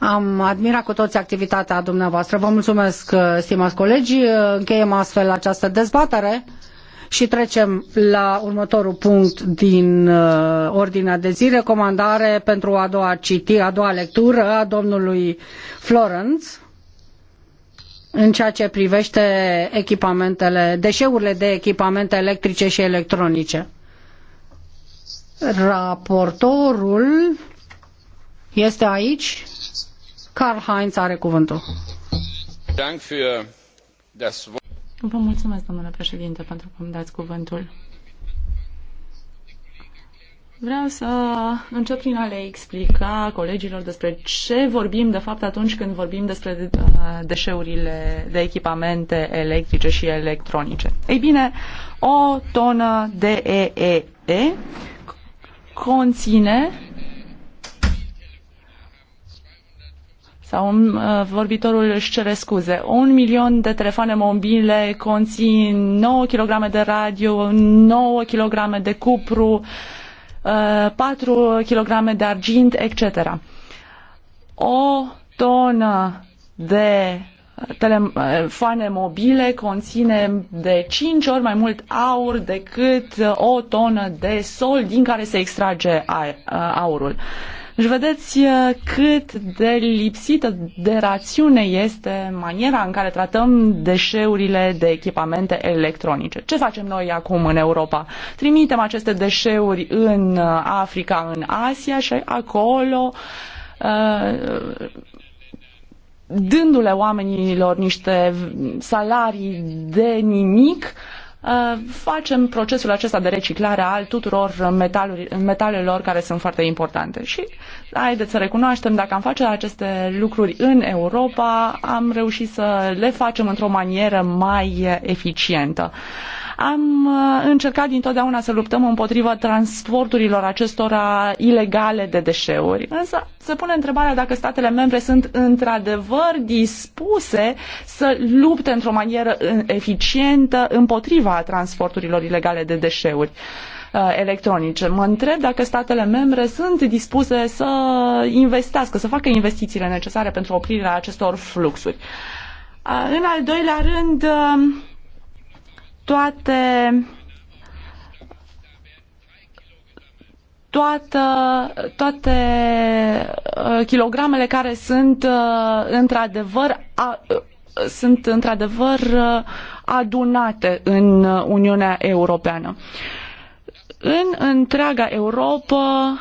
Am admirat cu toți activitatea dumneavoastră. Vă mulțumesc, uh, stimați colegi. Uh, încheiem astfel această dezbatere și trecem la următorul punct din uh, ordinea de zi, recomandare pentru a doua citi, a doua lectură a domnului Florence în ceea ce privește echipamentele, deșeurile de echipamente electrice și electronice. Raportorul este aici? Karl-Heinz are cuvântul. Vă mulțumesc, domnule președinte, pentru că îmi dați cuvântul. Vreau să încep prin a le explica colegilor despre ce vorbim de fapt atunci când vorbim despre uh, deșeurile de echipamente electrice și electronice. Ei bine, o tonă de EEE conține sau uh, vorbitorul își cere scuze. Un milion de telefoane mobile conțin 9 kg de radio, 9 kg de cupru, 4 uh, kg de argint, etc. O tonă de telefoane uh, mobile conține de 5 ori mai mult aur decât o tonă de sol din care se extrage aurul. Și vedeți uh, cât de lipsită de rațiune este maniera în care tratăm deșeurile de echipamente electronice. Ce facem noi acum în Europa? Trimitem aceste deșeuri în uh, Africa, în Asia și acolo uh, dându-le oamenilor niște salarii de nimic, uh, Uh, facem procesul acesta de reciclare al tuturor metalelor care sunt foarte importante. Și haideți să recunoaștem, dacă am face aceste lucruri în Europa, am reușit să le facem într-o manieră mai eficientă. Am uh, încercat dintotdeauna să luptăm împotriva transporturilor acestora ilegale de deșeuri, însă se pune întrebarea dacă statele membre sunt într-adevăr dispuse să lupte într-o manieră eficientă împotriva împotriva transporturilor ilegale de deșeuri uh, electronice. Mă întreb dacă statele membre sunt dispuse să investească, să facă investițiile necesare pentru oprirea acestor fluxuri. Uh, în al doilea rând, uh, toate toată, toate kilogramele care sunt într-adevăr sunt într-adevăr adunate în uh, Uniunea Europeană. În întreaga Europa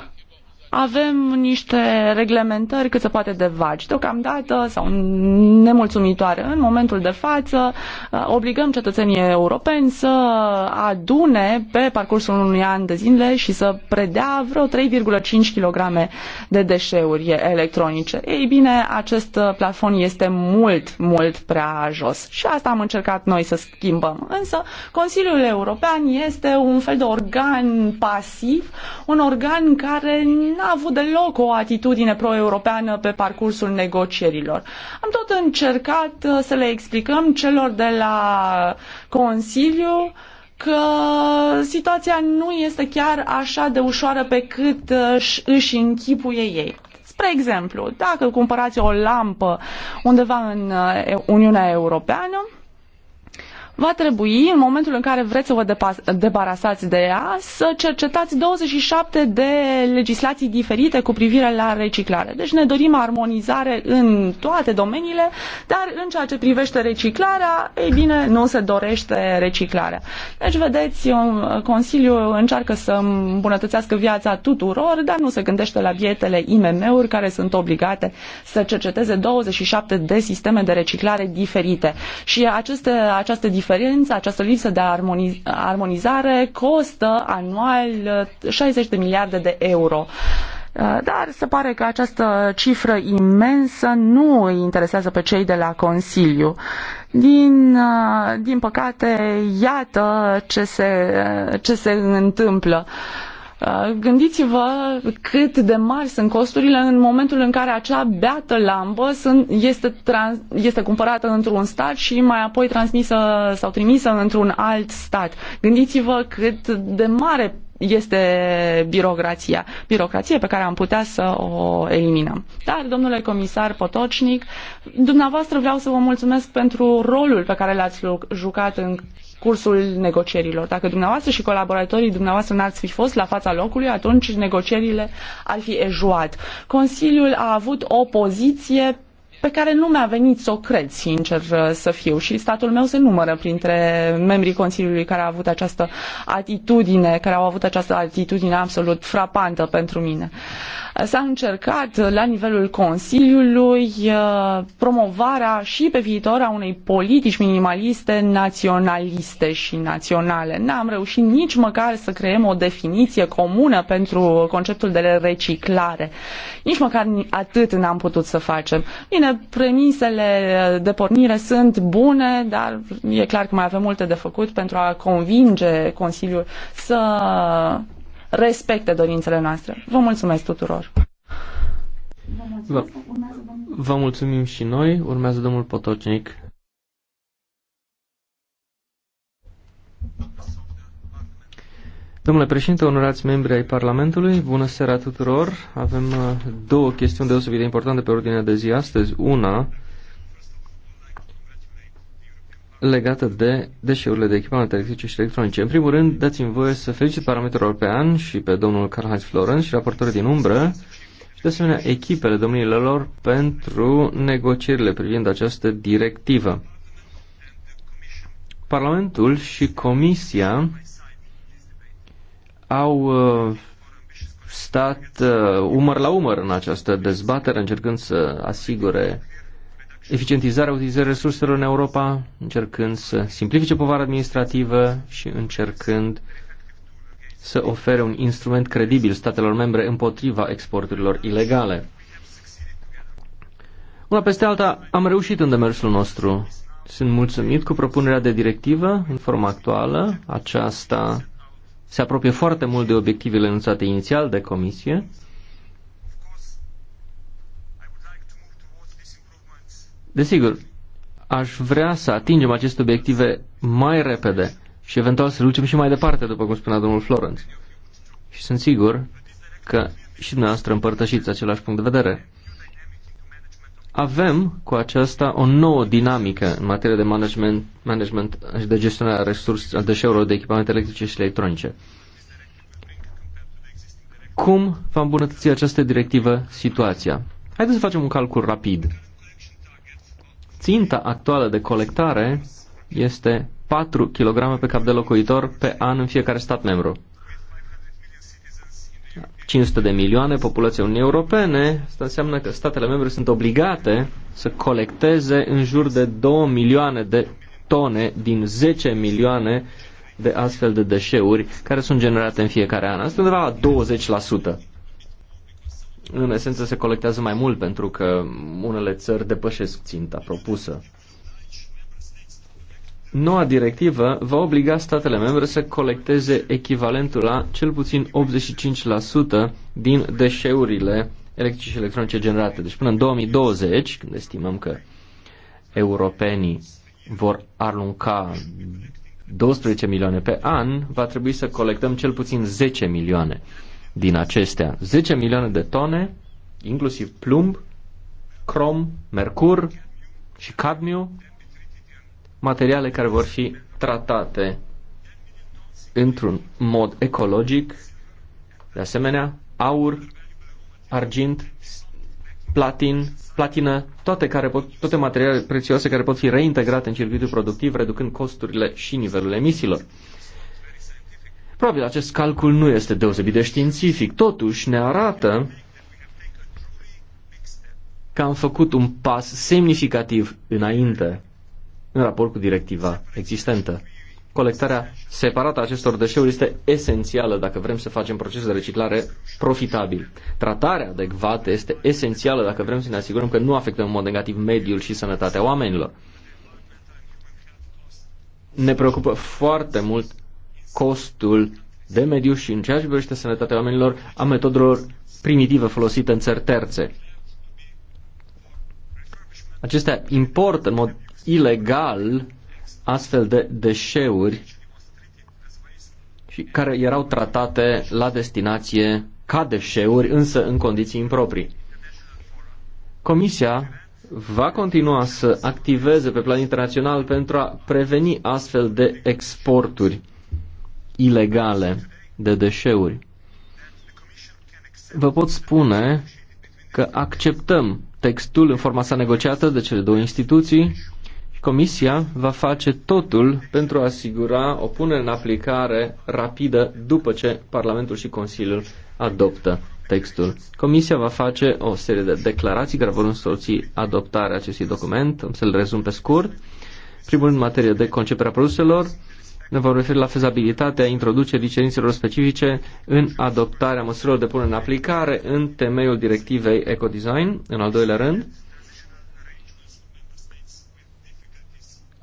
avem niște reglementări cât se poate de vagi, deocamdată sau nemulțumitoare. În momentul de față uh, obligăm cetățenii europeni să adune pe parcursul unui an de zile și să predea vreo 3,5 kg de deșeuri electronice. Ei bine, acest plafon este mult, mult prea jos și asta am încercat noi să schimbăm. Însă Consiliul European este un fel de organ pasiv, un organ care n-a avut deloc o atitudine pro-europeană pe parcursul negocierilor. Am tot încercat uh, să le explicăm celor de la Consiliu că situația nu este chiar așa de ușoară pe cât uh, își închipuie ei. Spre exemplu, dacă cumpărați o lampă undeva în uh, Uniunea Europeană, va trebui, în momentul în care vreți să vă debarasați de ea, să cercetați 27 de legislații diferite cu privire la reciclare. Deci ne dorim armonizare în toate domeniile, dar în ceea ce privește reciclarea, ei bine, nu se dorește reciclarea. Deci, vedeți, Consiliul încearcă să îmbunătățească viața tuturor, dar nu se gândește la bietele IMM-uri care sunt obligate să cerceteze 27 de sisteme de reciclare diferite. Și aceste, această diferență diferență, această lipsă de armonizare costă anual 60 uh, de miliarde de euro. Uh, dar se pare că această cifră imensă nu îi interesează pe cei de la Consiliu. Din, uh, din păcate, iată ce se, ce se întâmplă. Uh, Uh, gândiți-vă cât de mari sunt costurile în momentul în care acea beată lambă sunt, este, trans, este cumpărată într-un stat și mai apoi transmisă sau trimisă într-un alt stat. Gândiți-vă cât de mare este birocrația. Birocrație pe care am putea să o eliminăm. Dar, domnule comisar Potocnic, dumneavoastră vreau să vă mulțumesc pentru rolul pe care l-ați jucat în cursul negocierilor. Dacă dumneavoastră și colaboratorii dumneavoastră n-ați fi fost la fața locului, atunci negocierile ar fi ejuat. Consiliul a avut o poziție pe care nu mi-a venit să o cred, sincer uh, să fiu, și statul meu se numără printre membrii Consiliului care au avut această atitudine, care au avut această atitudine absolut frapantă pentru mine. Uh, s-a încercat uh, la nivelul Consiliului promovarea și pe viitor a unei politici minimaliste naționaliste și naționale. N-am reușit nici măcar să creăm o definiție comună pentru conceptul de reciclare. Nici măcar atât n-am putut să facem. Bine, bine, premisele de pornire sunt bune, dar e clar că mai avem multe de făcut pentru a convinge Consiliul să respecte dorințele noastre. Vă mulțumesc tuturor! Vă, mulțumim și noi. Urmează domnul Potocnic. Domnule președinte, onorați membri ai Parlamentului, bună seara tuturor. Avem uh, două chestiuni deosebit de importante pe ordinea de zi astăzi. Una legată de deșeurile de echipamente electrice și electronice. În primul rând, dați-mi voie să felicit Parlamentul European și pe domnul Karl-Heinz Florenz și raportorul din umbră și de asemenea echipele domnilor pentru negocierile privind această directivă. Parlamentul și Comisia au uh, stat uh, umăr la umăr în această dezbatere, încercând să asigure eficientizarea utilizării resurselor în Europa, încercând să simplifice povara administrativă și încercând să ofere un instrument credibil statelor membre împotriva exporturilor ilegale. Una peste alta, am reușit în demersul nostru. Sunt mulțumit cu propunerea de directivă în forma actuală. Aceasta se apropie foarte mult de obiectivele înunțate inițial de comisie. Desigur, aș vrea să atingem aceste obiective mai repede și eventual să lucem și mai departe, după cum spunea domnul Florence. Și sunt sigur că și dumneavoastră împărtășiți același punct de vedere. Avem cu aceasta o nouă dinamică în materie de management, management și de gestionarea resurselor, deșeurilor de echipamente electrice și electronice. Cum va îmbunătăți această directivă situația? Haideți să facem un calcul rapid. Ținta actuală de colectare este 4 kg pe cap de locuitor pe an în fiecare stat membru. 500 de milioane populația Uniunii Europene, asta înseamnă că statele membre sunt obligate să colecteze în jur de 2 milioane de tone din 10 milioane de astfel de deșeuri care sunt generate în fiecare an. Asta undeva la 20%. În esență se colectează mai mult pentru că unele țări depășesc ținta propusă noua directivă va obliga statele membre să colecteze echivalentul la cel puțin 85% din deșeurile electrice și electronice generate. Deci până în 2020, când estimăm că europenii vor arunca 12 milioane pe an, va trebui să colectăm cel puțin 10 milioane din acestea. 10 milioane de tone, inclusiv plumb, crom, mercur și cadmiu, materiale care vor fi tratate într-un mod ecologic, de asemenea, aur, argint, platin, platină, toate, care pot, toate materiale prețioase care pot fi reintegrate în circuitul productiv, reducând costurile și nivelul emisiilor. Probabil acest calcul nu este deosebit de științific, totuși ne arată că am făcut un pas semnificativ înainte în raport cu directiva existentă. Colectarea separată a acestor deșeuri este esențială dacă vrem să facem procesul de reciclare profitabil. Tratarea adecvată este esențială dacă vrem să ne asigurăm că nu afectăm în mod negativ mediul și sănătatea oamenilor. Ne preocupă foarte mult costul de mediu și în ceea ce privește sănătatea oamenilor a metodelor primitive folosite în țări terțe. Acestea importă în mod ilegal astfel de deșeuri și care erau tratate la destinație ca deșeuri, însă în condiții improprii. Comisia va continua să activeze pe plan internațional pentru a preveni astfel de exporturi ilegale de deșeuri. Vă pot spune că acceptăm textul în forma sa negociată de cele două instituții Comisia va face totul pentru a asigura o punere în aplicare rapidă după ce Parlamentul și Consiliul adoptă textul. Comisia va face o serie de declarații care vor însoți adoptarea acestui document. Am să-l rezum pe scurt. Primul în materie de conceperea produselor, ne vom referi la fezabilitatea introducerii cerințelor specifice în adoptarea măsurilor de punere în aplicare în temeiul directivei ecodesign, în al doilea rând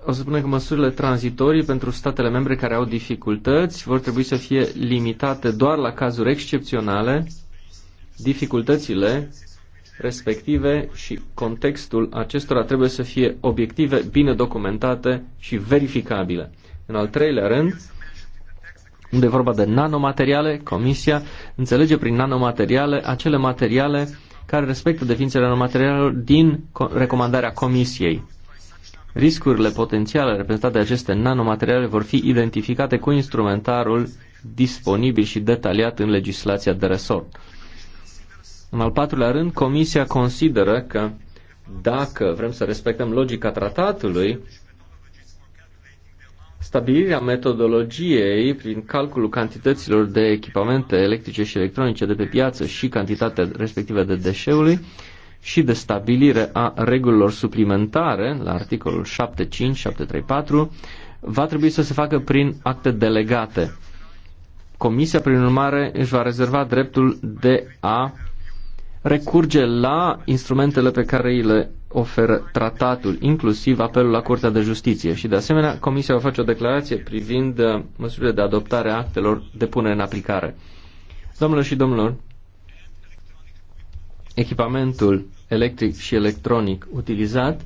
o să spunem că măsurile tranzitorii pentru statele membre care au dificultăți vor trebui să fie limitate doar la cazuri excepționale, dificultățile respective și contextul acestora trebuie să fie obiective, bine documentate și verificabile. În al treilea rând, unde e vorba de nanomateriale, Comisia înțelege prin nanomateriale acele materiale care respectă definiția nanomaterialelor din recomandarea Comisiei. Riscurile potențiale reprezentate de aceste nanomateriale vor fi identificate cu instrumentarul disponibil și detaliat în legislația de resort. În al patrulea rând, Comisia consideră că dacă vrem să respectăm logica tratatului, stabilirea metodologiei prin calculul cantităților de echipamente electrice și electronice de pe piață și cantitatea respectivă de deșeului și de stabilire a regulilor suplimentare la articolul 75, 734 va trebui să se facă prin acte delegate. Comisia, prin urmare, își va rezerva dreptul de a recurge la instrumentele pe care îi le oferă tratatul, inclusiv apelul la Curtea de Justiție. Și, de asemenea, Comisia va face o declarație privind uh, măsurile de adoptare a actelor de punere în aplicare. Domnilor și domnilor, echipamentul electric și electronic utilizat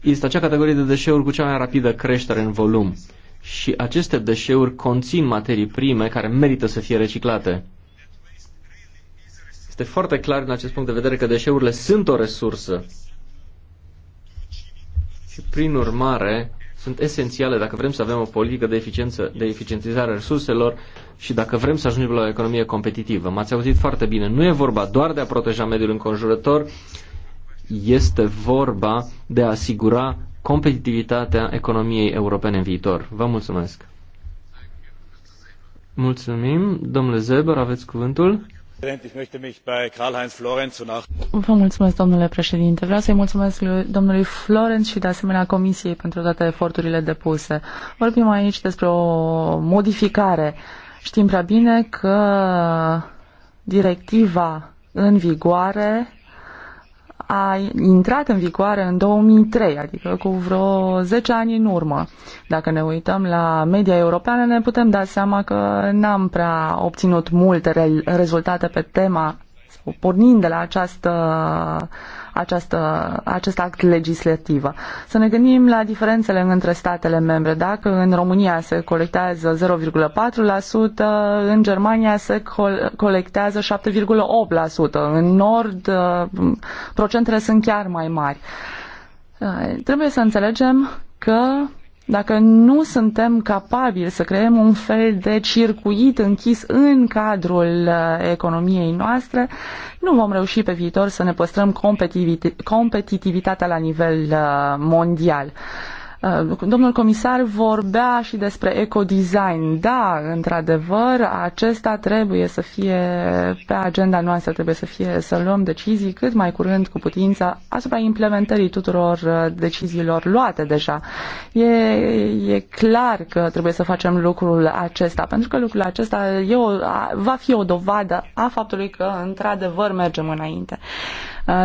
este acea categorie de deșeuri cu cea mai rapidă creștere în volum. Și aceste deșeuri conțin materii prime care merită să fie reciclate. Este foarte clar din acest punct de vedere că deșeurile sunt o resursă. Și prin urmare, sunt esențiale dacă vrem să avem o politică de, eficiență, de eficientizare a resurselor și dacă vrem să ajungem la o economie competitivă. M-ați auzit foarte bine. Nu e vorba doar de a proteja mediul înconjurător, este vorba de a asigura competitivitatea economiei europene în viitor. Vă mulțumesc! Mulțumim. Domnule Zeber, aveți cuvântul mulțumesc, domnule președinte. Vreau să îi mulțumesc domnului florenz și de asemenea Comisiei pentru toate eforturile depuse. Vorbim aici despre o modificare. Știm prea bine că directiva în vigoare a intrat în vigoare în 2003, adică cu vreo 10 ani în urmă. Dacă ne uităm la media europeană, ne putem da seama că n-am prea obținut multe re- rezultate pe tema, pornind de la această această, acest act legislativ. Să ne gândim la diferențele între statele membre. Dacă în România se colectează 0,4%, în Germania se col- colectează 7,8%, în Nord uh, procentele sunt chiar mai mari. Uh, trebuie să înțelegem că dacă nu suntem capabili să creăm un fel de circuit închis în cadrul uh, economiei noastre, nu vom reuși pe viitor să ne păstrăm competitivitatea la nivel uh, mondial. Uh, domnul comisar vorbea și despre ecodesign. Da, într-adevăr, acesta trebuie să fie pe agenda noastră, trebuie să fie să luăm decizii cât mai curând cu putință asupra implementării tuturor uh, deciziilor luate deja. E, e clar că trebuie să facem lucrul acesta, pentru că lucrul acesta e o, va fi o dovadă a faptului că într-adevăr mergem înainte.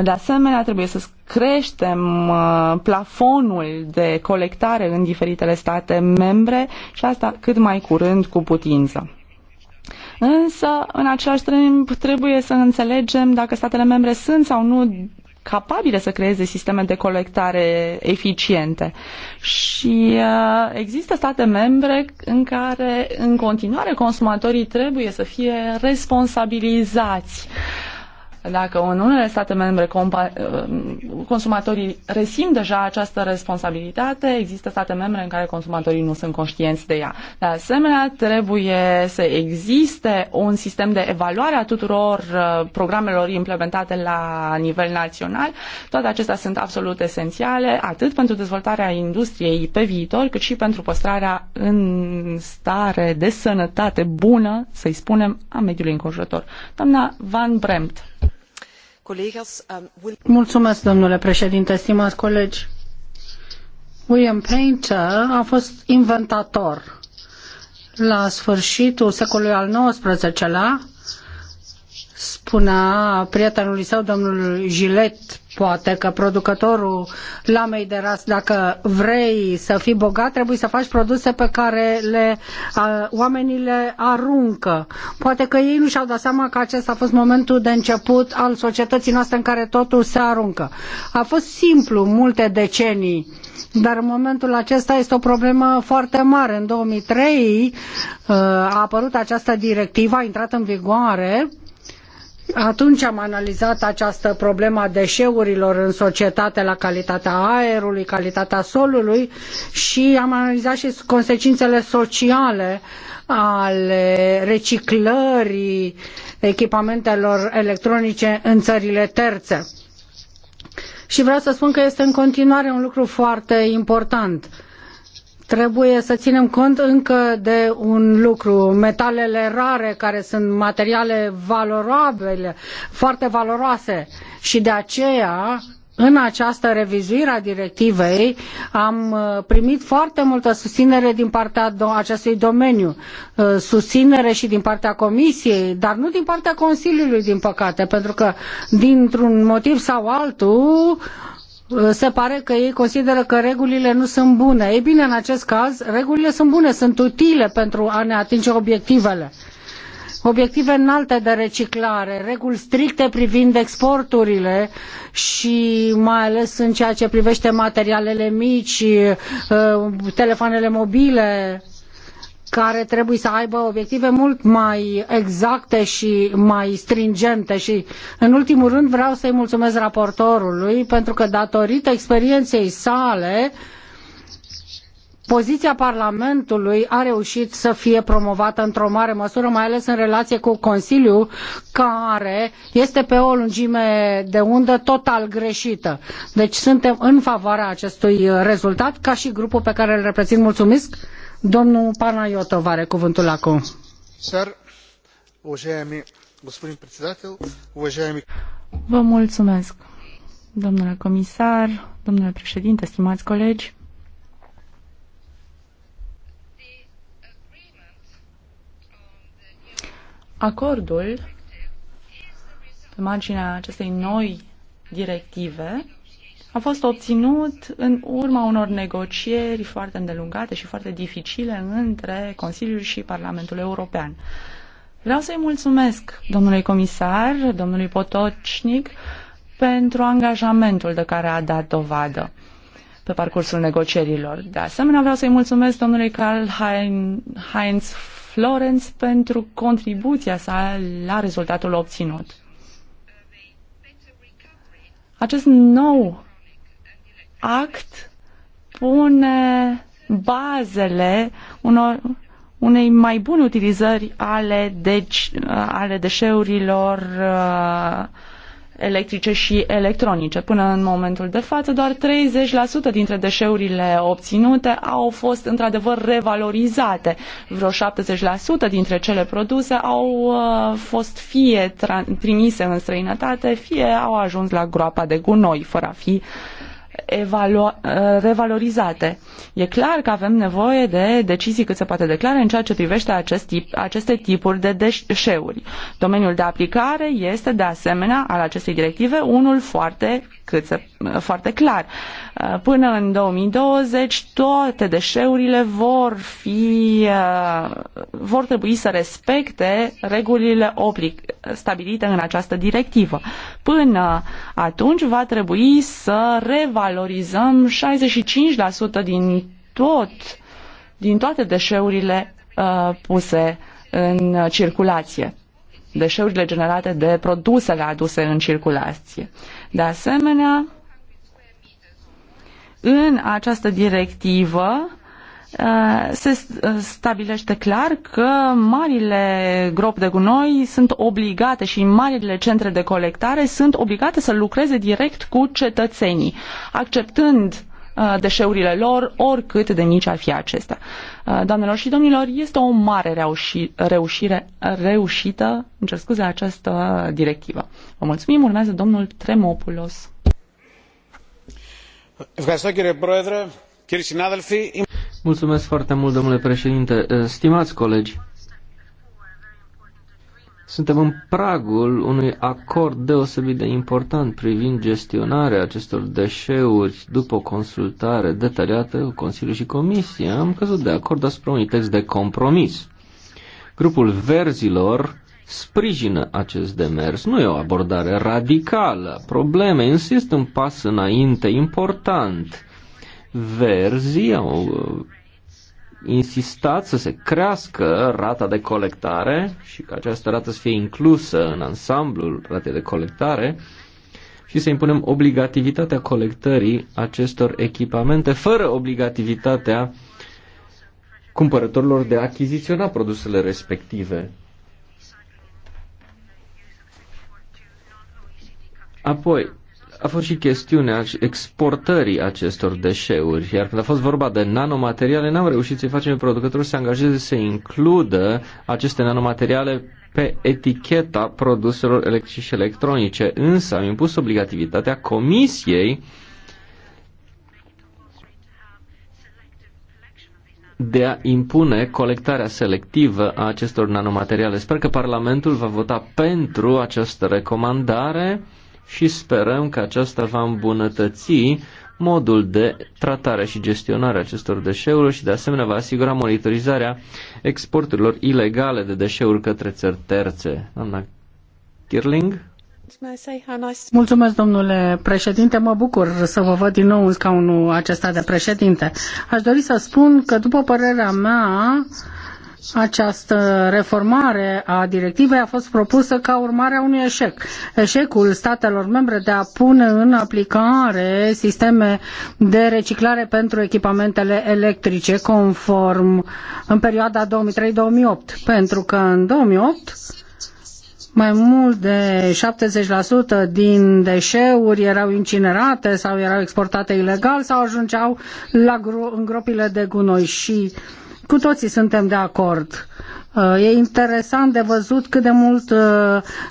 De asemenea, trebuie să creștem uh, plafonul de colectare în diferitele state membre și asta cât mai curând cu putință. Însă, în același timp, trebuie să înțelegem dacă statele membre sunt sau nu capabile să creeze sisteme de colectare eficiente. Și uh, există state membre în care în continuare consumatorii trebuie să fie responsabilizați uh, dacă în unele state membre uh, consumatorii resimt deja această responsabilitate, există state membre în care consumatorii nu sunt conștienți de ea. De asemenea, trebuie să existe un sistem de evaluare a tuturor uh, programelor implementate la nivel național. Toate acestea sunt absolut esențiale, atât pentru dezvoltarea industriei pe viitor, cât și pentru păstrarea în stare de sănătate bună, să-i spunem, a mediului înconjurător. Doamna Van Bremt. Um, Mulțumesc, domnule președinte, stimați colegi. William Painter a fost inventator la sfârșitul secolului al XIX-lea spunea prietenului său, domnul Gilet, poate că producătorul lamei de ras, dacă vrei să fii bogat, trebuie să faci produse pe care le, a, oamenii le aruncă. Poate că ei nu și-au dat seama că acesta a fost momentul de început al societății noastre în care totul se aruncă. A fost simplu multe decenii dar în momentul acesta este o problemă foarte mare. În 2003 uh, a apărut această directivă, a intrat în vigoare atunci am analizat această problemă a deșeurilor în societate la calitatea aerului, calitatea solului și am analizat și consecințele sociale ale reciclării echipamentelor electronice în țările terțe. Și vreau să spun că este în continuare un lucru foarte important. Uh, trebuie să ținem cont încă de un lucru, metalele rare care sunt materiale valorabile, foarte valoroase și de aceea în această revizuire a directivei am uh, primit foarte multă susținere din partea acestui domeniu, uh, susținere și din partea Comisiei, dar nu din partea Consiliului, din păcate, pentru că dintr-un motiv sau altul Uh, se pare că ei consideră că regulile nu sunt bune. Ei bine, în acest caz, regulile sunt bune, sunt utile pentru a ne atinge obiectivele. Obiective înalte de reciclare, reguli stricte privind exporturile și mai ales în ceea ce privește materialele mici, uh, telefoanele mobile, care trebuie să aibă obiective mult mai exacte și mai stringente și în ultimul rând vreau să-i mulțumesc raportorului pentru că datorită experienței sale poziția Parlamentului a reușit să fie promovată într-o mare măsură, mai ales în relație cu Consiliul, care este pe o lungime de undă total greșită. Deci suntem în favoarea acestui rezultat, ca și grupul pe care îl reprezint. Mulțumesc! Domnul Panayotov are cuvântul acum. Sir, уважаеми господин председател, уважаеми... Vă mulțumesc, domnule comisar, domnule președinte, stimați colegi. Acordul pe marginea acestei noi directive a fost obținut în urma unor negocieri foarte îndelungate și foarte dificile între Consiliul și Parlamentul European. Vreau să-i mulțumesc domnului comisar, domnului Potocnic, pentru angajamentul de care a dat dovadă pe parcursul negocierilor. De asemenea, vreau să-i mulțumesc domnului Karl Heinz Florenz pentru contribuția sa la rezultatul obținut. Acest nou act pune bazele unor, unei mai bune utilizări ale, deci, ale deșeurilor uh, electrice și electronice. Până în momentul de față, doar 30% dintre deșeurile obținute au fost într-adevăr revalorizate. Vreo 70% dintre cele produse au uh, fost fie trimise în străinătate, fie au ajuns la groapa de gunoi, fără a fi uh, Uh, revalorizate. E clar că avem nevoie de decizii cât se poate clare în ceea ce privește acest tip, aceste tipuri de deșeuri. Domeniul de aplicare este de asemenea al acestei directive unul foarte, cât se, uh, foarte clar. Uh, până în 2020 toate deșeurile vor fi vor trebui să respecte regulile oblig, stabilite în această directivă. Până atunci va trebui să revalorizăm valorizăm 65% din tot, din toate deșeurile uh, puse în circulație deșeurile generate de produsele aduse în circulație. De asemenea, în această directivă Uh, se uh, stabilește clar că marile gropi de gunoi sunt obligate și marile centre de colectare sunt obligate să lucreze direct cu cetățenii, acceptând uh, deșeurile lor, oricât de mici ar fi acestea. Doamnelor și domnilor, este o mare reuși, reușire, reușită, îmi cer scuze, această directivă. Vă mulțumim, urmează domnul Tremopulos. Vă mulțumim, Πρόεδρε, κύριοι Mulțumesc foarte mult, domnule președinte. Eh, stimați colegi, suntem în pragul unui acord deosebit de important privind gestionarea acestor deșeuri după o consultare detaliată cu Consiliul și Comisia. Am căzut de acord asupra unui text de compromis. Grupul Verzilor sprijină acest demers. Nu e o abordare radicală Probleme însă este un pas înainte important verzii au uh, insistat să se crească rata de colectare și că această rată să fie inclusă în ansamblul ratei de colectare și să impunem obligativitatea colectării acestor echipamente fără obligativitatea cumpărătorilor de a achiziționa produsele respective. Apoi, a fost și chestiunea exportării acestor deșeuri, iar când a fost vorba de nanomateriale, n-am reușit să-i facem producători să se angajeze să includă aceste nanomateriale pe eticheta produselor electrice și electronice, însă am impus obligativitatea comisiei de a impune colectarea selectivă a acestor nanomateriale. Sper că Parlamentul va vota pentru această recomandare și sperăm că aceasta va îmbunătăți modul de tratare și gestionare acestor deșeuri și de asemenea va asigura monitorizarea exporturilor ilegale de deșeuri către țări terțe. Doamna Kirling? Mulțumesc, domnule președinte. Mă bucur să vă văd din nou în scaunul acesta de președinte. Aș dori să spun că, după părerea mea, uh, această reformare a directivei a fost propusă ca urmare a unui eșec. Eșecul statelor membre de a pune în aplicare sisteme de reciclare pentru echipamentele electrice conform în perioada 2003-2008. Pentru că în 2008 mai mult de 70% din deșeuri erau incinerate sau erau exportate ilegal sau ajungeau la gro- în gropile de gunoi și uh, cu toții suntem de acord. Uh, e interesant de văzut cât de mult uh,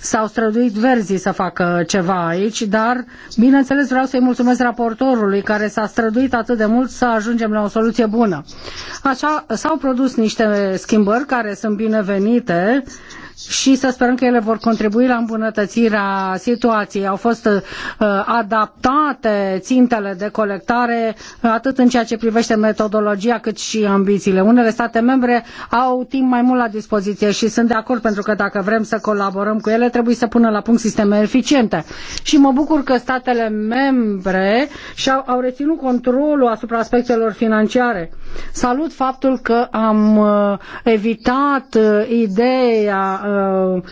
s-au străduit verzii să facă ceva aici, dar bineînțeles vreau să-i mulțumesc raportorului care s-a străduit atât de mult să ajungem la o soluție bună. Așa s-au produs niște schimbări care sunt binevenite și să sperăm că ele vor contribui la îmbunătățirea situației. Au fost uh, adaptate țintele de colectare uh, atât în ceea ce privește metodologia cât și ambițiile. Unele state membre au timp mai mult la dispoziție și sunt de acord pentru că dacă vrem să colaborăm cu ele trebuie să pună la punct sisteme eficiente. Și mă bucur că statele membre și-au au reținut controlul asupra aspectelor financiare Salut faptul că am uh, evitat uh, ideea uh,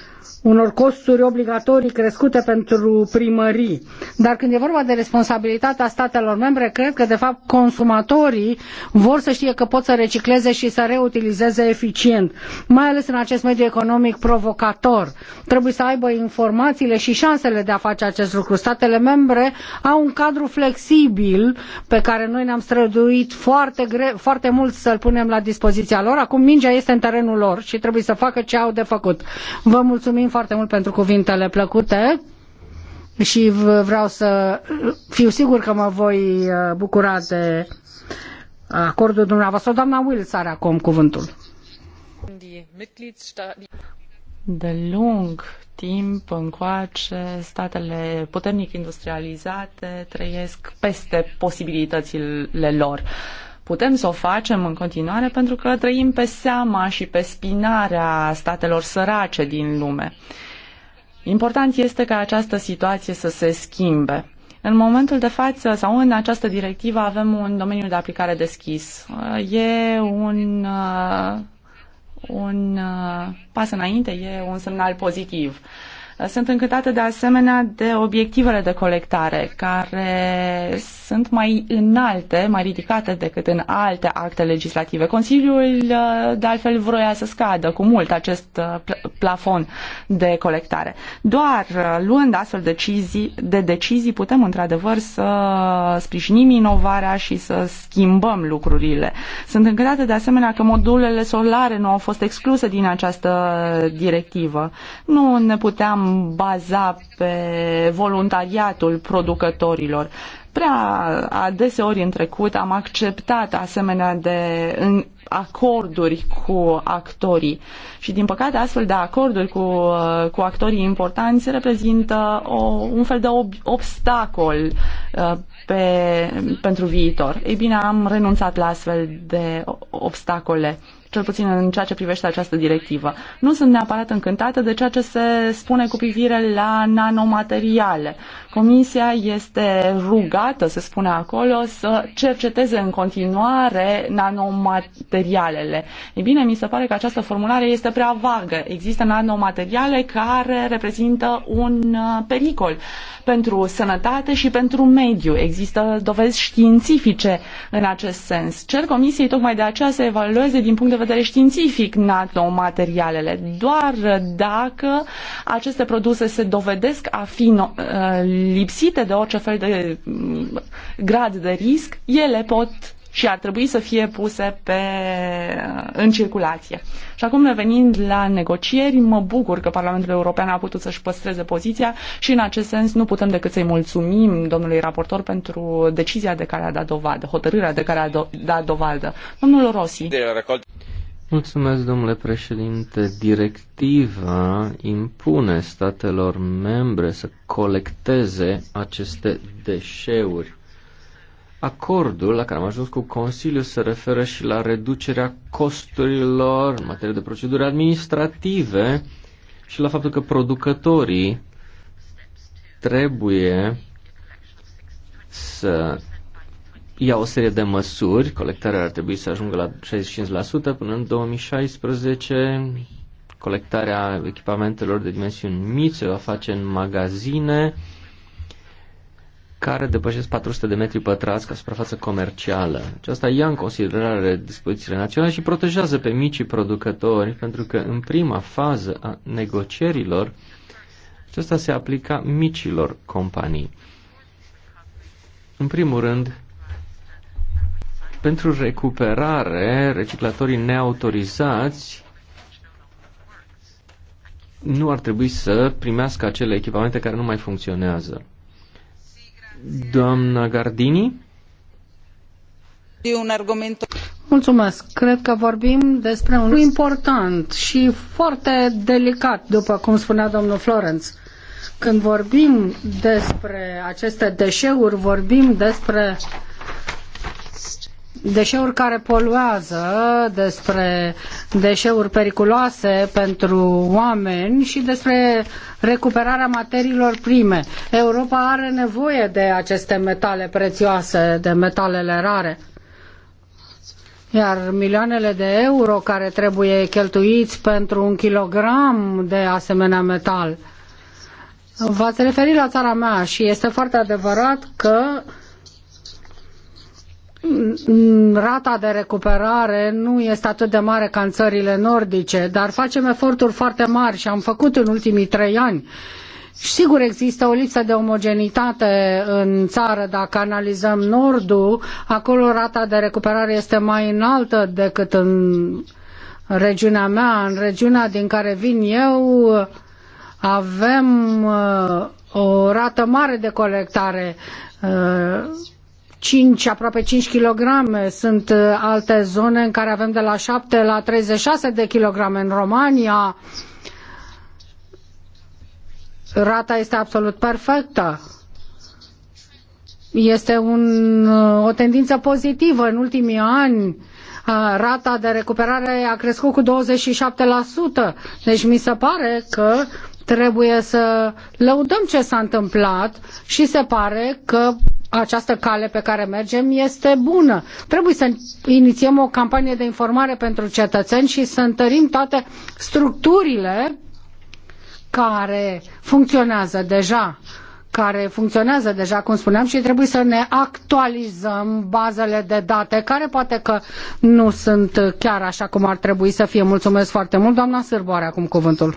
unor costuri obligatorii crescute pentru primării. Dar când e vorba de responsabilitatea statelor membre, cred că, de fapt, consumatorii vor să știe că pot să recicleze și să reutilizeze eficient, mai ales în acest mediu economic provocator. Trebuie să aibă informațiile și șansele de a face acest lucru. Statele membre au un cadru flexibil pe care noi ne-am străduit foarte, gre- foarte mult să-l punem la dispoziția lor. Acum mingea este în terenul lor și trebuie să facă ce au de făcut. Vă mulțumesc mulțumim foarte mult pentru cuvintele plăcute și vreau să fiu sigur că mă voi uh, bucura de acordul dumneavoastră. Doamna Wills are acum cuvântul. De lung timp încoace, statele puternic industrializate trăiesc peste posibilitățile lor. Uh, Putem să o facem în continuare pentru că trăim pe seama și pe spinarea statelor sărace din lume. Important este ca această situație să se schimbe. În momentul de față sau în această directivă avem un domeniu de aplicare deschis. Uh, e un, uh, un uh, pas înainte, e un semnal pozitiv. Sunt încântată de asemenea de obiectivele de colectare, care sunt mai înalte, mai ridicate decât în alte acte legislative. Consiliul, de altfel, vroia să scadă cu mult acest uh, plafon de colectare. Doar uh, luând astfel de decizii, de decizii putem, într-adevăr, să sprijinim inovarea și să schimbăm lucrurile. Sunt încântată de asemenea că modulele solare nu au fost excluse din această directivă. Nu ne puteam baza pe voluntariatul producătorilor. Prea adeseori în trecut am acceptat asemenea de acorduri cu actorii și din păcate astfel de acorduri cu, cu actorii importanți reprezintă o, un fel de ob- obstacol uh, pe, pentru viitor. Ei bine, am renunțat la astfel de obstacole cel puțin în ceea ce privește această directivă. Nu sunt neapărat încântată de ceea ce se spune cu privire la nanomateriale. Comisia este rugată, se spune acolo, să cerceteze în continuare nanomaterialele. Ei bine, mi se pare că această formulare este prea vagă. Există nanomateriale care reprezintă un uh, pericol pentru sănătate și pentru mediu. Există dovezi științifice în acest sens. Cer Comisiei tocmai de aceea să evalueze din punct de vedere științific nanomaterialele. Doar dacă aceste produse se dovedesc a fi uh, lipsite de orice fel de mm, grad de risc, ele pot și ar trebui să fie puse pe, în circulație. Și acum revenind la negocieri, mă bucur că Parlamentul European a putut să-și păstreze poziția și în acest sens nu putem decât să-i mulțumim domnului raportor pentru decizia de care a dat dovadă, hotărârea de care a do- dat dovadă. Domnul Rossi. Mulțumesc, domnule președinte. Directiva impune statelor membre să colecteze aceste deșeuri. Acordul la care am ajuns cu Consiliul se referă și la reducerea costurilor în materie de proceduri administrative și la faptul că producătorii trebuie să ia o serie de măsuri, colectarea ar trebui să ajungă la 65% până în 2016, colectarea echipamentelor de dimensiuni mici se va face în magazine care depășesc 400 de metri pătrați ca suprafață comercială. Aceasta ia în considerare dispozițiile naționale și protejează pe micii producători, pentru că în prima fază a negocierilor aceasta se aplica micilor companii. În primul rând, pentru recuperare, reciclatorii neautorizați nu ar trebui să primească acele echipamente care nu mai funcționează. Doamna Gardini? un argument. Mulțumesc. Cred că vorbim despre un lucru important și foarte delicat, după cum spunea domnul Florenț. Când vorbim despre aceste deșeuri, vorbim despre uh, deșeuri care poluează, despre deșeuri periculoase pentru oameni și despre recuperarea materiilor prime. Europa are nevoie de aceste metale prețioase, de metalele rare. Iar milioanele de euro care trebuie cheltuiți pentru un kilogram de asemenea metal. V-ați referit la țara mea și este foarte adevărat că uh, rata de recuperare nu este atât de mare ca în țările nordice, dar facem eforturi foarte mari și am făcut în ultimii trei ani. Sigur, există o lipsă de omogenitate în țară. Dacă analizăm nordul, acolo rata de recuperare este mai înaltă decât în regiunea mea. În regiunea din care vin eu avem uh, o rată mare de colectare uh, 5, aproape 5 kg. Sunt uh, alte zone în care avem de la 7 la 36 de kg. În România rata este absolut perfectă. Este un, uh, o tendință pozitivă. În ultimii ani uh, rata de recuperare a crescut cu 27%. Deci mi se pare că trebuie să lăudăm ce s-a întâmplat și se pare că această cale pe care mergem este bună. Trebuie să inițiem o campanie de informare pentru cetățeni și să întărim toate structurile care funcționează deja care funcționează deja, cum spuneam, și trebuie să ne actualizăm bazele de date, care poate că nu sunt chiar așa cum ar trebui să fie. Mulțumesc foarte mult. Doamna Sârboare, acum cuvântul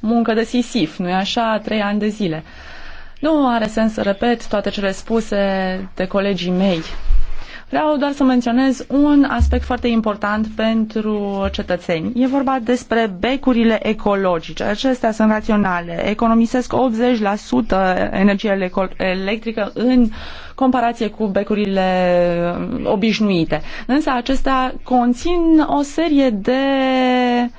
muncă de sisif, nu-i așa, trei ani de zile. Nu are sens să repet toate cele spuse de colegii mei. Vreau doar să menționez un aspect foarte important pentru cetățeni. E vorba despre becurile ecologice. Acestea sunt raționale. Economisesc 80% energie electrică în comparație cu becurile obișnuite. Însă acestea conțin o serie de uh,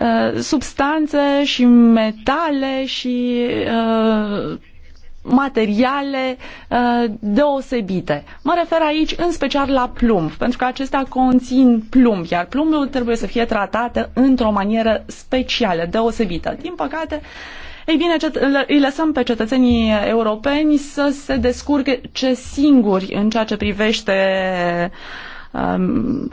Uh, substanțe și metale și uh, materiale uh, deosebite. Mă refer aici în special la plumb, pentru că acestea conțin plumb, iar plumbul trebuie să fie tratat într-o manieră specială, deosebită. Din păcate, ei bine, îi lăsăm pe cetățenii europeni să se descurce singuri în ceea ce privește um,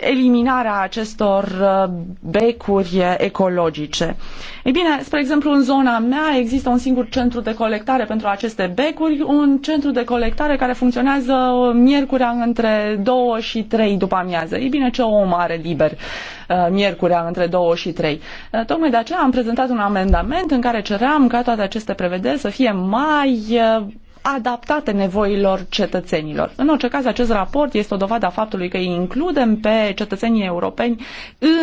eliminarea acestor uh, becuri ecologice. Ei bine, spre exemplu, în zona mea există un singur centru de colectare pentru aceste becuri, un centru de colectare care funcționează uh, miercurea între 2 și 3 după amiază. Ei bine, ce om are liber uh, miercurea între 2 și 3. Tocmai de aceea am prezentat un amendament în care ceream ca toate aceste prevederi să fie mai adaptate nevoilor cetățenilor. În orice caz, acest raport este o dovadă a faptului că îi includem pe cetățenii europeni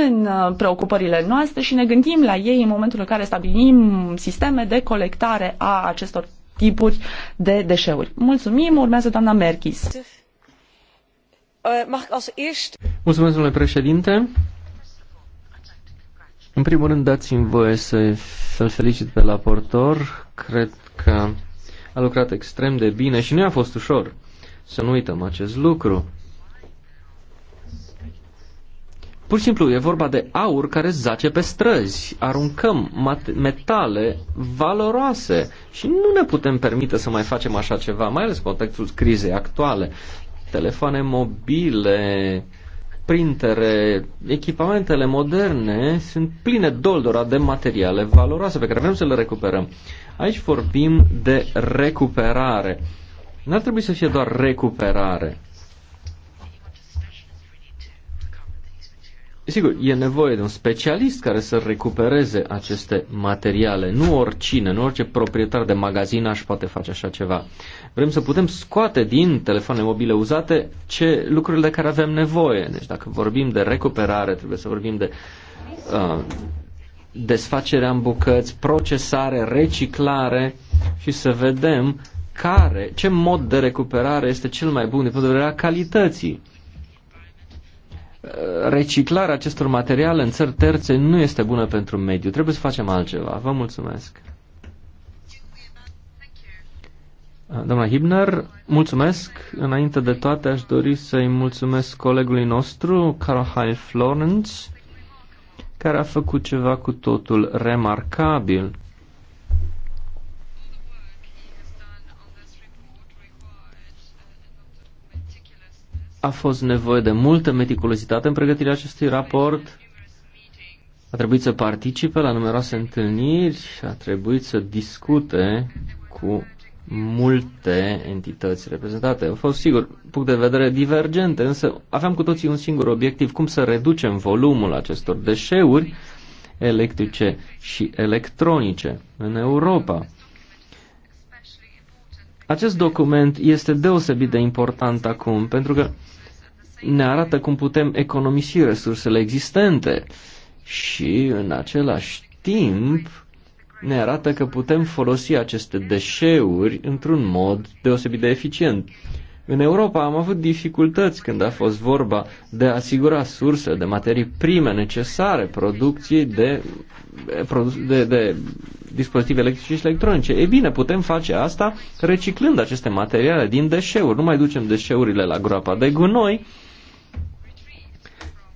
în uh, preocupările noastre și ne gândim la ei în momentul în care stabilim sisteme de colectare a acestor tipuri de deșeuri. Mulțumim, urmează doamna Merkis. Mulțumesc, domnule președinte. În primul rând, dați-mi voie să-l felicit pe raportor. Cred că a lucrat extrem de bine și nu a fost ușor. Să nu uităm acest lucru. Pur și simplu e vorba de aur care zace pe străzi. Aruncăm metale valoroase și nu ne putem permite să mai facem așa ceva, mai ales în contextul crizei actuale. Telefoane mobile, printere, echipamentele moderne sunt pline doldora de materiale valoroase pe care vrem să le recuperăm. Aici vorbim de recuperare. N-ar trebui să fie doar recuperare. Sigur, e nevoie de un specialist care să recupereze aceste materiale. Nu oricine, nu orice proprietar de magazin aș poate face așa ceva. Vrem să putem scoate din telefoane mobile uzate ce lucrurile de care avem nevoie. Deci dacă vorbim de recuperare, trebuie să vorbim de uh, desfacerea în bucăți, procesare, reciclare și să vedem care, ce mod de recuperare este cel mai bun din punct de vedere a calității. Reciclarea acestor materiale în țări terțe nu este bună pentru mediu. Trebuie să facem altceva. Vă mulțumesc. Doamna Hibner, mulțumesc. Înainte de toate, aș dori să-i mulțumesc colegului nostru, Carol Heinz Florence, care a făcut ceva cu totul remarcabil. A fost nevoie de multă meticulozitate în pregătirea acestui raport. A trebuit să participe la numeroase întâlniri, și a trebuit să discute cu multe entități reprezentate. Au fost, sigur, punct de vedere divergente, însă aveam cu toții un singur obiectiv, cum să reducem volumul acestor deșeuri electrice și electronice în Europa. Acest document este deosebit de important acum, pentru că ne arată cum putem economisi resursele existente și, în același timp, ne arată că putem folosi aceste deșeuri într-un mod deosebit de eficient. În Europa am avut dificultăți când a fost vorba de a asigura surse de materii prime necesare producției de, de, de dispozitive electrice și electronice. E bine, putem face asta reciclând aceste materiale din deșeuri. Nu mai ducem deșeurile la groapa de gunoi,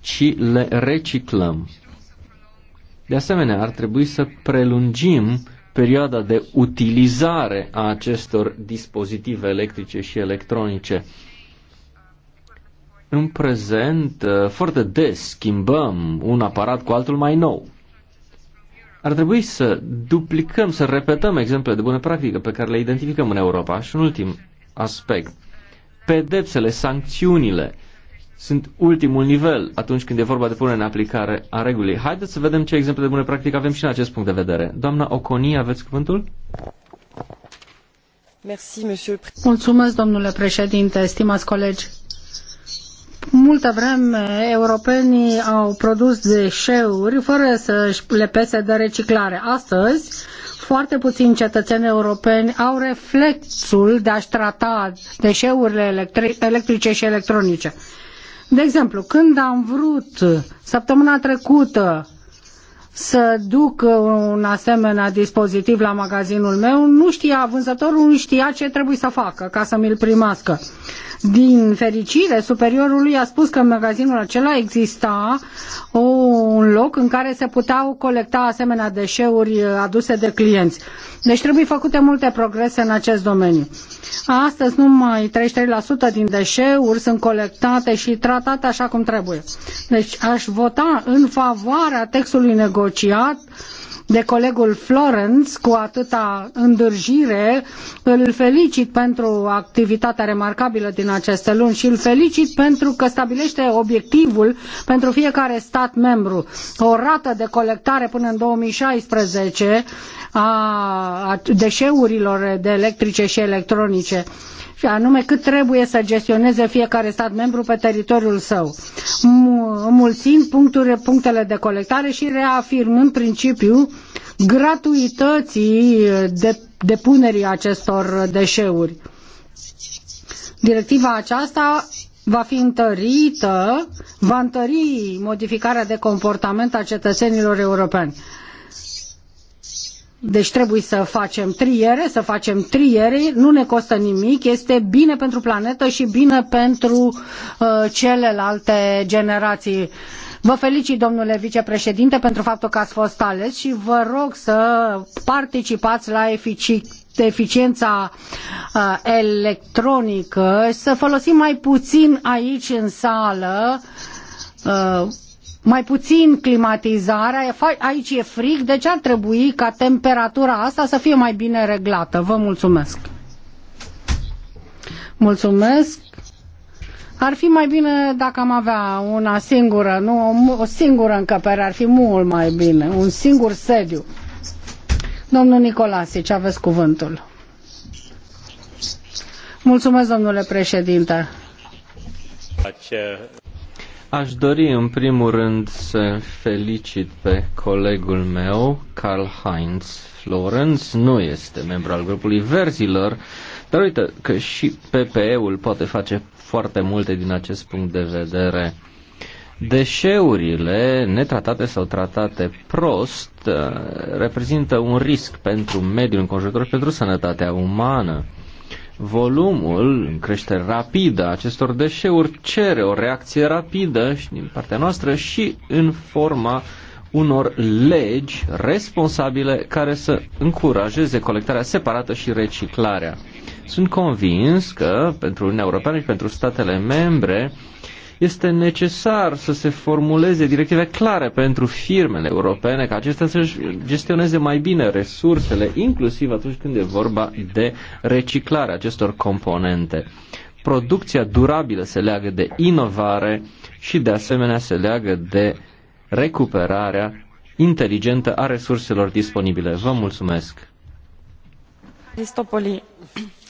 ci le reciclăm. De asemenea, ar trebui să prelungim perioada de utilizare a acestor dispozitive electrice și electronice. În prezent, uh, foarte des schimbăm un aparat cu altul mai nou. Ar trebui să duplicăm, să repetăm exemple de bună practică pe care le identificăm în Europa. Și un ultim aspect, pedepsele, sancțiunile sunt ultimul nivel atunci când e vorba de punere în aplicare a regulii. Haideți să vedem ce exemple de bună practică avem și în acest punct de vedere. Doamna Oconi, aveți cuvântul? Mulțumesc, domnule președinte, stimați colegi. Multă vreme europenii au produs deșeuri fără să le pese de reciclare. Astăzi, foarte puțini cetățeni europeni au reflexul de a-și trata deșeurile electrice și electronice. De exemplu, când am vrut săptămâna trecută să duc un asemenea dispozitiv la magazinul meu, nu știa, vânzătorul nu știa ce trebuie să facă ca să mi-l primească. Din fericire, superiorul lui a spus că în magazinul acela exista un loc în care se puteau colecta asemenea deșeuri aduse de clienți. Deci trebuie făcute multe progrese în acest domeniu. Astăzi numai 33% din deșeuri sunt colectate și tratate așa cum trebuie. Deci aș vota în favoarea textului negociat negociat de colegul Florence cu atâta îndârjire. Îl felicit pentru activitatea remarcabilă din aceste luni și îl felicit pentru că stabilește obiectivul pentru fiecare stat membru. O rată de colectare până în 2016 a deșeurilor de electrice și electronice și anume cât trebuie să gestioneze fiecare stat membru pe teritoriul său, mulțind puncturile, punctele de colectare și reafirmând principiul gratuității de, depunerii acestor deșeuri. Directiva aceasta va fi întărită, va întări modificarea de comportament a cetățenilor europeni. Deci trebuie să facem triere, să facem triere, nu ne costă nimic, este bine pentru planetă și bine pentru uh, celelalte generații. Vă felicit, domnule vicepreședinte, pentru faptul că ați fost ales și vă rog să participați la eficiența uh, electronică, să folosim mai puțin aici în sală uh, mai puțin climatizarea, aici e frig, ce deci ar trebui ca temperatura asta să fie mai bine reglată. Vă mulțumesc! Mulțumesc! Ar fi mai bine dacă am avea una singură, nu o singură încăpere, ar fi mult mai bine, un singur sediu. Domnul Nicolasi, ce aveți cuvântul? Mulțumesc, domnule președinte. Aș dori în primul rând să felicit pe colegul meu, Karl Heinz Florenz, nu este membru al grupului Verzilor, dar uite că și PPE-ul poate face foarte multe din acest punct de vedere. Deșeurile netratate sau tratate prost reprezintă un risc pentru mediul înconjurător și pentru sănătatea umană volumul în creștere rapidă a acestor deșeuri cere o reacție rapidă și din partea noastră și în forma unor legi responsabile care să încurajeze colectarea separată și reciclarea. Sunt convins că pentru Uniunea Europeană și pentru statele membre este necesar să se formuleze directive clare pentru firmele europene, ca acestea să-și gestioneze mai bine resursele, inclusiv atunci când e vorba de reciclarea acestor componente. Producția durabilă se leagă de inovare și de asemenea se leagă de recuperarea inteligentă a resurselor disponibile. Vă mulțumesc! Aristopoli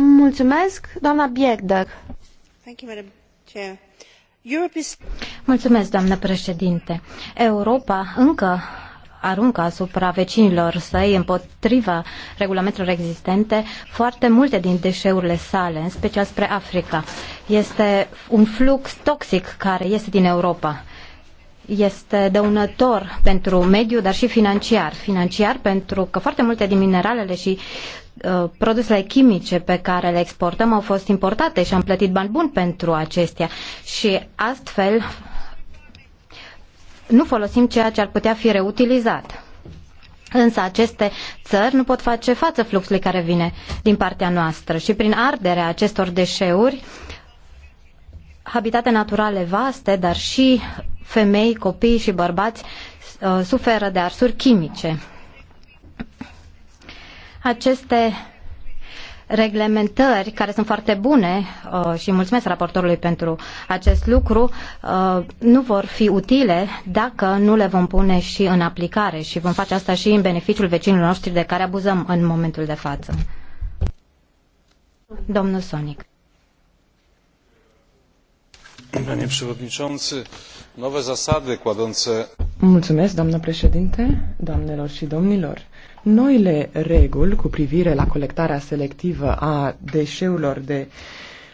Mulțumesc, doamna Bierder. Thank you, Madam Chair. Mulțumesc, doamnă președinte. Europa încă aruncă asupra vecinilor săi împotriva regulamentelor existente foarte multe din deșeurile sale, în special spre Africa. Este un flux toxic care iese din Europa. Este dăunător pentru mediu, dar și financiar. Financiar pentru că foarte multe din mineralele și Uh, produsele chimice pe care le exportăm au fost importate și am plătit bani buni pentru acestea și astfel nu folosim ceea ce ar putea fi reutilizat. Însă aceste țări nu pot face față fluxului care vine din partea noastră și prin arderea acestor deșeuri, habitate naturale vaste, dar și femei, copii și bărbați uh, suferă de arsuri chimice. Aceste reglementări care sunt foarte bune uh, și mulțumesc raportorului pentru acest lucru uh, nu vor fi utile dacă nu le vom pune și în aplicare și vom face asta și în beneficiul vecinilor noștri de care abuzăm în momentul de față. Domnul Sonic. Mulțumesc, doamnă președinte, doamnelor și domnilor. Noile reguli cu privire la colectarea selectivă a deșeurilor de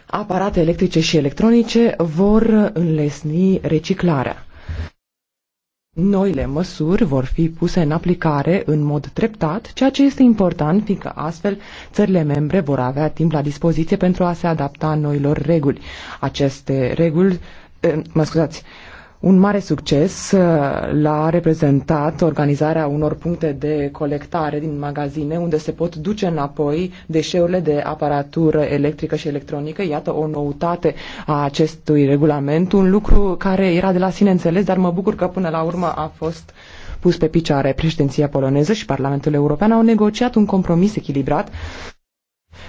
aparate electrice și electronice vor înlesni reciclarea. Noile măsuri vor fi puse în aplicare în mod treptat, ceea ce este important, fiindcă astfel țările membre vor avea timp la dispoziție pentru a se adapta noilor reguli. Aceste reguli, eh, mă scuzați, un mare succes uh, l-a reprezentat organizarea unor puncte de colectare din magazine unde se pot duce înapoi deșeurile de aparatură electrică și electronică. Iată o noutate a acestui regulament, un lucru care era de la sine înțeles, dar mă bucur că până la urmă a fost pus pe picioare. Președinția poloneză și Parlamentul European au negociat un compromis echilibrat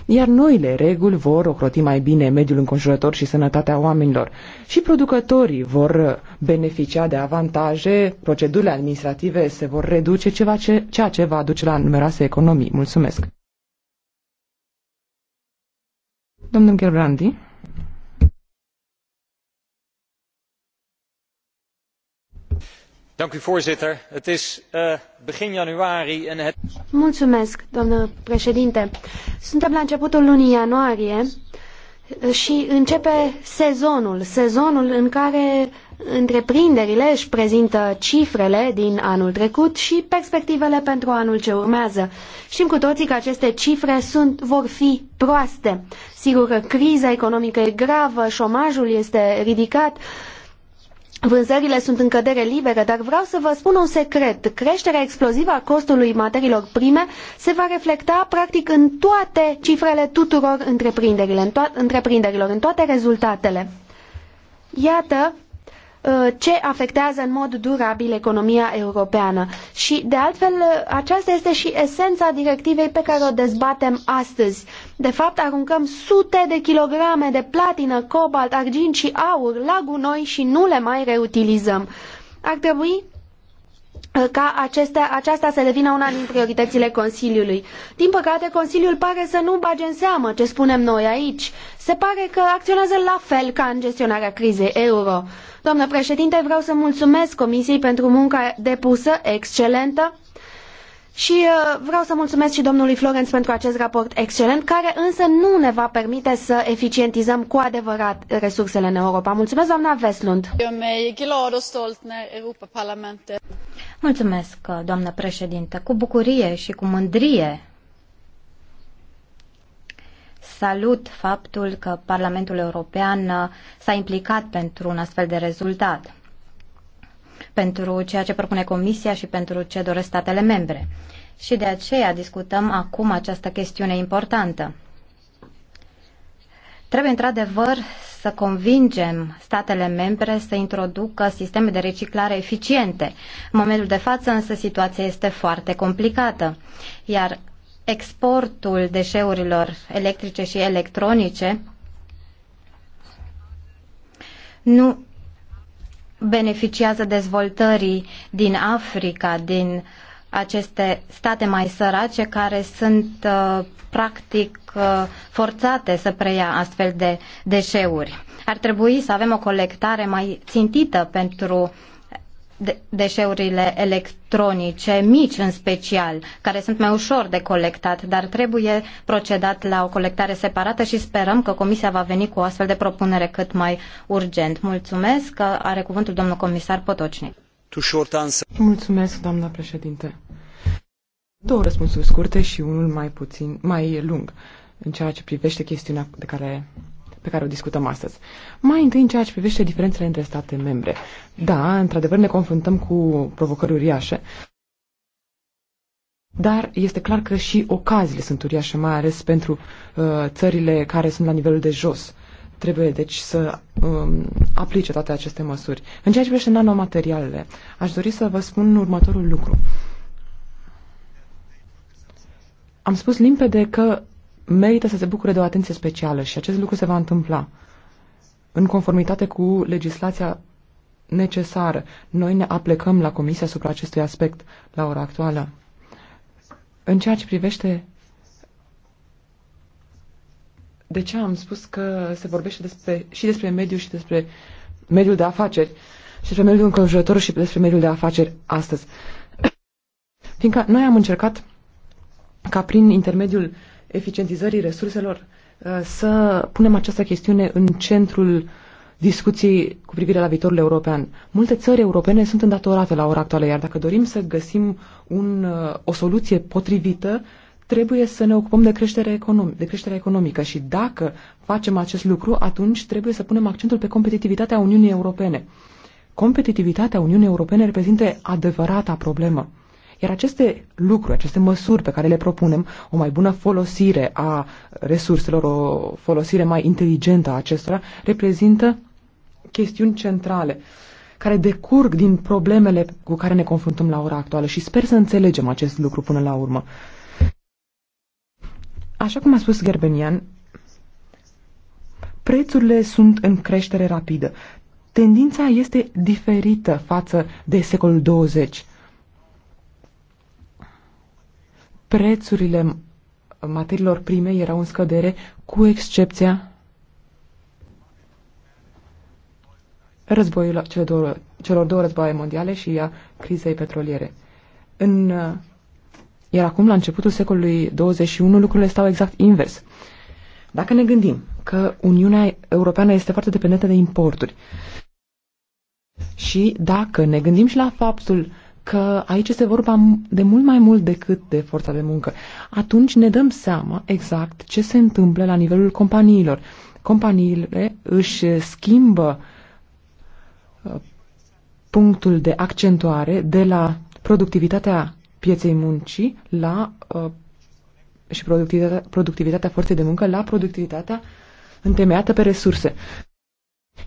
iar noile reguli vor ocroti mai bine mediul înconjurător și sănătatea oamenilor. Și producătorii vor beneficia de avantaje, procedurile administrative se vor reduce, ceva ce, ceea ce va aduce la numeroase economii. Mulțumesc! Domnul Gerbrandi. voorzitter het is eh, begin januari en het. suntem la începutul lunii ianuarie eh, și începe sezonul sezonul în care întreprinderile își prezintă cifrele din anul trecut și perspectivele pentru anul ce urmează. Știm cu toții că aceste cifre sunt, vor fi proaste. Sigur că criza economică e gravă, șomajul este ridicat, Vânzările sunt în cădere liberă, dar vreau să vă spun un secret. Creșterea explozivă a costului materiilor prime se va reflecta practic în toate cifrele tuturor întreprinderilor, în, to- întreprinderilor, în toate rezultatele. Iată Uh, ce afectează în mod durabil economia europeană. Și, de altfel, uh, aceasta este și esența directivei pe care o dezbatem astăzi. De fapt, aruncăm sute de kilograme de platină, cobalt, argint și aur la gunoi și nu le mai reutilizăm. Ar trebui ca acestea, aceasta să devină una din prioritățile Consiliului. Din păcate, Consiliul pare să nu bage în seamă ce spunem noi aici. Se pare că acționează la fel ca în gestionarea crizei euro. Doamnă președinte, vreau să mulțumesc Comisiei pentru munca depusă, excelentă, și uh, vreau să mulțumesc și domnului Florenț pentru acest raport excelent, care însă nu ne va permite să eficientizăm cu adevărat resursele în Europa. Mulțumesc, doamna Vestlund! Mulțumesc, doamnă președinte. Cu bucurie și cu mândrie salut faptul că Parlamentul European s-a implicat pentru un astfel de rezultat, pentru ceea ce propune Comisia și pentru ce doresc statele membre. Și de aceea discutăm acum această chestiune importantă. Trebuie într-adevăr să convingem statele membre să introducă sisteme de reciclare eficiente. În momentul de față însă situația este foarte complicată, iar exportul deșeurilor electrice și electronice nu beneficiază dezvoltării din Africa, din aceste state mai sărace care sunt uh, practic uh, forțate să preia astfel de deșeuri. Ar trebui să avem o colectare mai țintită pentru deșeurile electronice, mici în special, care sunt mai ușor de colectat, dar trebuie procedat la o colectare separată și sperăm că Comisia va veni cu o astfel de propunere cât mai urgent. Mulțumesc. Are cuvântul domnul comisar Potocnic. Mulțumesc, doamna președinte. Două răspunsuri scurte și unul mai puțin, mai lung în ceea ce privește chestiunea de care, pe care o discutăm astăzi. Mai întâi în ceea ce privește diferențele între state membre. Da, într-adevăr ne confruntăm cu provocări uriașe, dar este clar că și ocaziile sunt uriașe, mai ales pentru uh, țările care sunt la nivelul de jos. Trebuie, deci, să um, aplice toate aceste măsuri. În ceea ce privește nanomaterialele, aș dori să vă spun următorul lucru. Am spus limpede că merită să se bucure de o atenție specială și acest lucru se va întâmpla în conformitate cu legislația necesară. Noi ne aplecăm la Comisia asupra acestui aspect la ora actuală. În ceea ce privește de ce am spus că se vorbește despre, și despre mediul și despre mediul de afaceri și despre mediul înconjurător și despre mediul de afaceri astăzi? Fiindcă noi am încercat ca prin intermediul eficientizării resurselor uh, să punem această chestiune în centrul discuției cu privire la viitorul european. Multe țări europene sunt îndatorate la ora actuală, iar dacă dorim să găsim un, uh, o soluție potrivită, trebuie să ne ocupăm de creșterea economică, de creșterea economică și dacă facem acest lucru, atunci trebuie să punem accentul pe competitivitatea Uniunii Europene. Competitivitatea Uniunii Europene reprezintă adevărata problemă. Iar aceste lucruri, aceste măsuri pe care le propunem, o mai bună folosire a resurselor, o folosire mai inteligentă a acestora, reprezintă chestiuni centrale care decurg din problemele cu care ne confruntăm la ora actuală și sper să înțelegem acest lucru până la urmă. Așa cum a spus Gerbenian, prețurile sunt în creștere rapidă. Tendința este diferită față de secolul 20. Prețurile materiilor prime erau în scădere, cu excepția războiului celor două, celor două războaie mondiale și a crizei petroliere. În iar acum, la începutul secolului 21, lucrurile stau exact invers. Dacă ne gândim că Uniunea Europeană este foarte dependentă de importuri și dacă ne gândim și la faptul că aici este vorba de mult mai mult decât de forța de muncă, atunci ne dăm seama exact ce se întâmplă la nivelul companiilor. Companiile își schimbă uh, punctul de accentuare de la productivitatea pieței muncii la, uh, și productivitatea, productivitatea forței de muncă la productivitatea întemeiată pe resurse.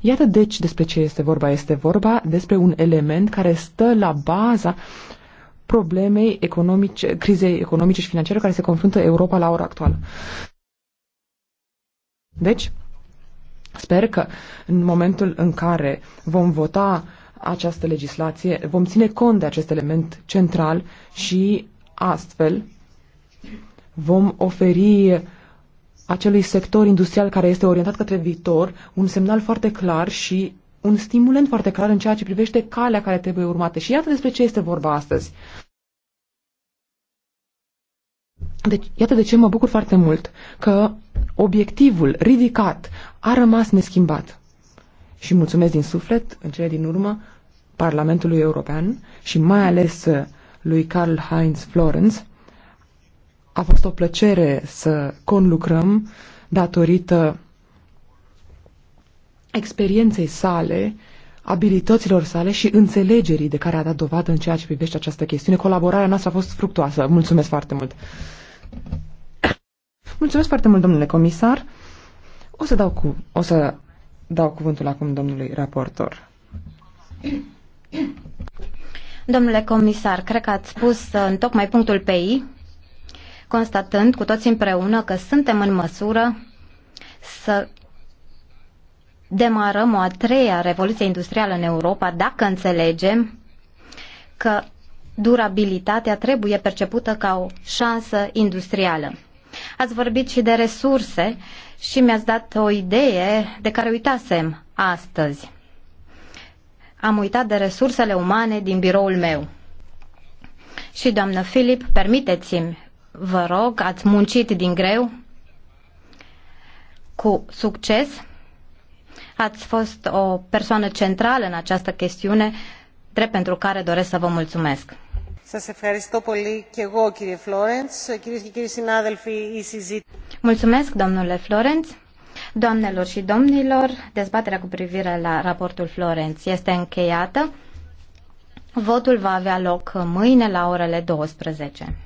Iată deci despre ce este vorba. Este vorba despre un element care stă la baza problemei economice, crizei economice și financiare care se confruntă Europa la ora actuală. Deci, sper că în momentul în care vom vota această legislație, vom ține cont de acest element central și astfel vom oferi acelui sector industrial care este orientat către viitor un semnal foarte clar și un stimulent foarte clar în ceea ce privește calea care trebuie urmată. Și iată despre ce este vorba astăzi. Deci, iată de ce mă bucur foarte mult că obiectivul ridicat a rămas neschimbat și mulțumesc din suflet, în cele din urmă, Parlamentului European și mai ales uh, lui Karl Heinz Florenz. A fost o plăcere să conlucrăm datorită experienței sale, abilităților sale și înțelegerii de care a dat dovadă în ceea ce privește această chestiune. Colaborarea noastră a fost fructuoasă. Mulțumesc foarte mult! Mulțumesc foarte mult, domnule comisar! O să dau cu, o să Dau cuvântul acum domnului raportor. Domnule comisar, cred că ați spus uh, în tocmai punctul pe I, constatând cu toți împreună că suntem în măsură să demarăm o a treia revoluție industrială în Europa dacă înțelegem că durabilitatea trebuie percepută ca o șansă industrială. Ați vorbit și de resurse și mi-ați dat o idee de care uitasem astăzi. Am uitat de resursele umane din biroul meu. Și, doamnă Filip, permiteți-mi, vă rog, ați muncit din greu, cu succes, ați fost o persoană centrală în această chestiune, drept pentru care doresc să vă mulțumesc. Mulțumesc, domnule Doamnelor și domnilor, dezbaterea cu privire la raportul Florenț este încheiată. Votul va avea loc mâine la orele 12.